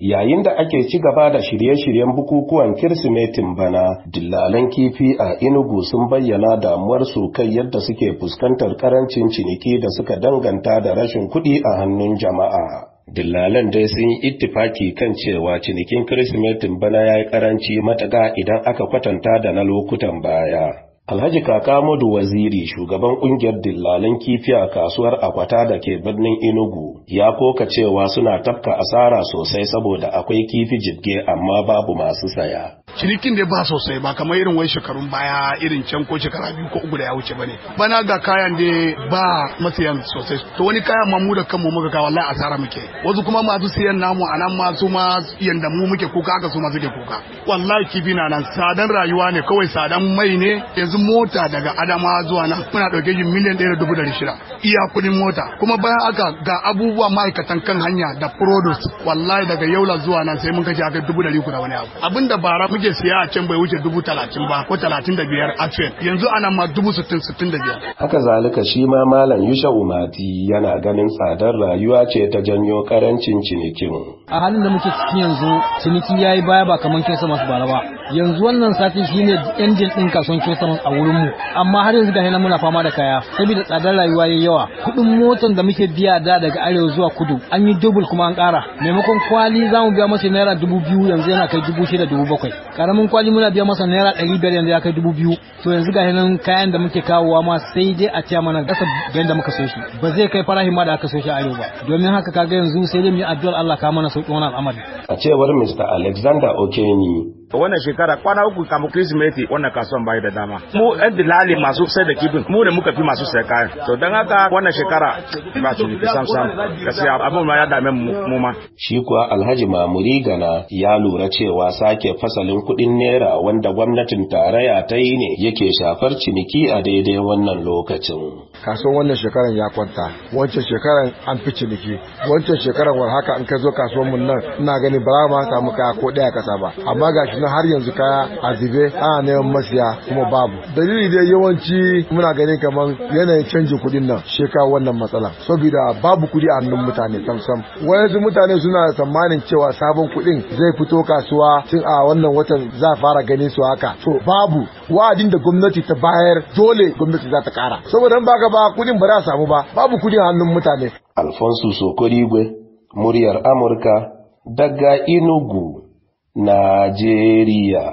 Yayin da ake ci gaba da shirye-shiryen bukukuwan Kirsimetin bana, dillalan kifi a Inugu sun bayyana damuwarsu kai yadda suke fuskantar karancin ciniki da suka danganta da rashin kuɗi a hannun jama'a. Dillalan dai sun yi ittifaki kan cewa cinikin Kirsimetin bana ya yi karanci matuƙa idan aka kwatanta da na lokutan baya. Alhaji Kaka Mudu Waziri shugaban kungiyar dillalan kifi a kasuwar Akwata da ke birnin Enugu ya koka cewa suna tafka asara sosai saboda akwai kifi jibge amma babu masu saya. cinikin da ba sosai ba kamar irin wai shekarun baya irin can ko shekara biyu ko uku da ya wuce bane bana ga kayan da ba masayan sosai to wani kayan ma mu da kanmu muka ka wallahi asara muke wasu kuma masu siyan namu a nan ma su ma yanda mu muke kuka haka su ma suke kuka wallahi kifi na nan sadan rayuwa ne kawai sadan mai ne yanzu mota daga adama zuwa nan muna dauke yin miliyan ɗaya da dubu ɗari shida iya kudin mota kuma bayan aka ga abubuwa ma'aikatan kan hanya da produce wallahi daga yaula zuwa nan sai mun kashe aka dubu dari da wani abu abinda bara muke siya a can bai wuce dubu talatin ba ko talatin da biyar a can yanzu ana ma dubu sittin sittin da biyar. haka zalika shi ma malam yusha umati yana ganin tsadar rayuwa ce ta janyo karancin cinikin. a halin da muke cikin yanzu ciniki ya yi baya ba kamar kin masu bara ba yanzu wannan shi shine injin din kasuwan Chosaman a wurin mu amma har yanzu ga muna fama da kaya saboda tsadar rayuwa yayi yawa kudin motan da muke biya da daga arewa zuwa kudu an yi double kuma an kara maimakon kwali za mu biya masa naira dubu biyu yanzu yana kai dubu shida dubu bakwai karamin kwali muna biya masa naira ɗari biyar yanzu ya kai dubu biyu to yanzu ga nan kayan da muke kawowa ma sai dai a cewa mana gasa da muka so shi ba zai kai farahin ma da aka so shi arewa domin haka kaga yanzu sai dai mu yi addu'ar Allah ka mana sauƙi wannan al'amari a cewar Mr Alexander Okeni wannan shekara kwana uku kamar kirsimeti wannan kasuwan bai da dama mu yan dilali masu sai da kifin mu ne muka fi masu sai kayan to dan haka wannan shekara ba su ne sam sam gaskiya abun ma ya dame mu ma shi kuwa alhaji mamuri gana ya lura cewa sake fasalin kuɗin naira wanda gwamnatin tarayya ta yi ne yake shafar ciniki a daidai wannan lokacin kasuwan wannan shekaran ya kwanta wancan shekaran an fi ciniki wancan shekaran war haka an kai zo kasuwan mun nan ina ganin ba ma samu kaya ko ɗaya kasa ba amma gashi na har yanzu kaya a zibe ana neman masiya kuma babu dalili dai yawanci muna ganin kamar yanayin canjin kuɗin nan shekaru wannan matsala saboda babu kuɗi a hannun mutane samsam wayansu mutane suna tsammanin cewa sabon kuɗin zai fito kasuwa tun a wannan watan za fara ganin su haka to babu wa'adin da gwamnati ta bayar dole gwamnati za ta kara saboda ba ka ba kuɗin ba za a samu ba babu a hannun mutane alfonso sokorigwe muryar amurka daga inugu Najeriya.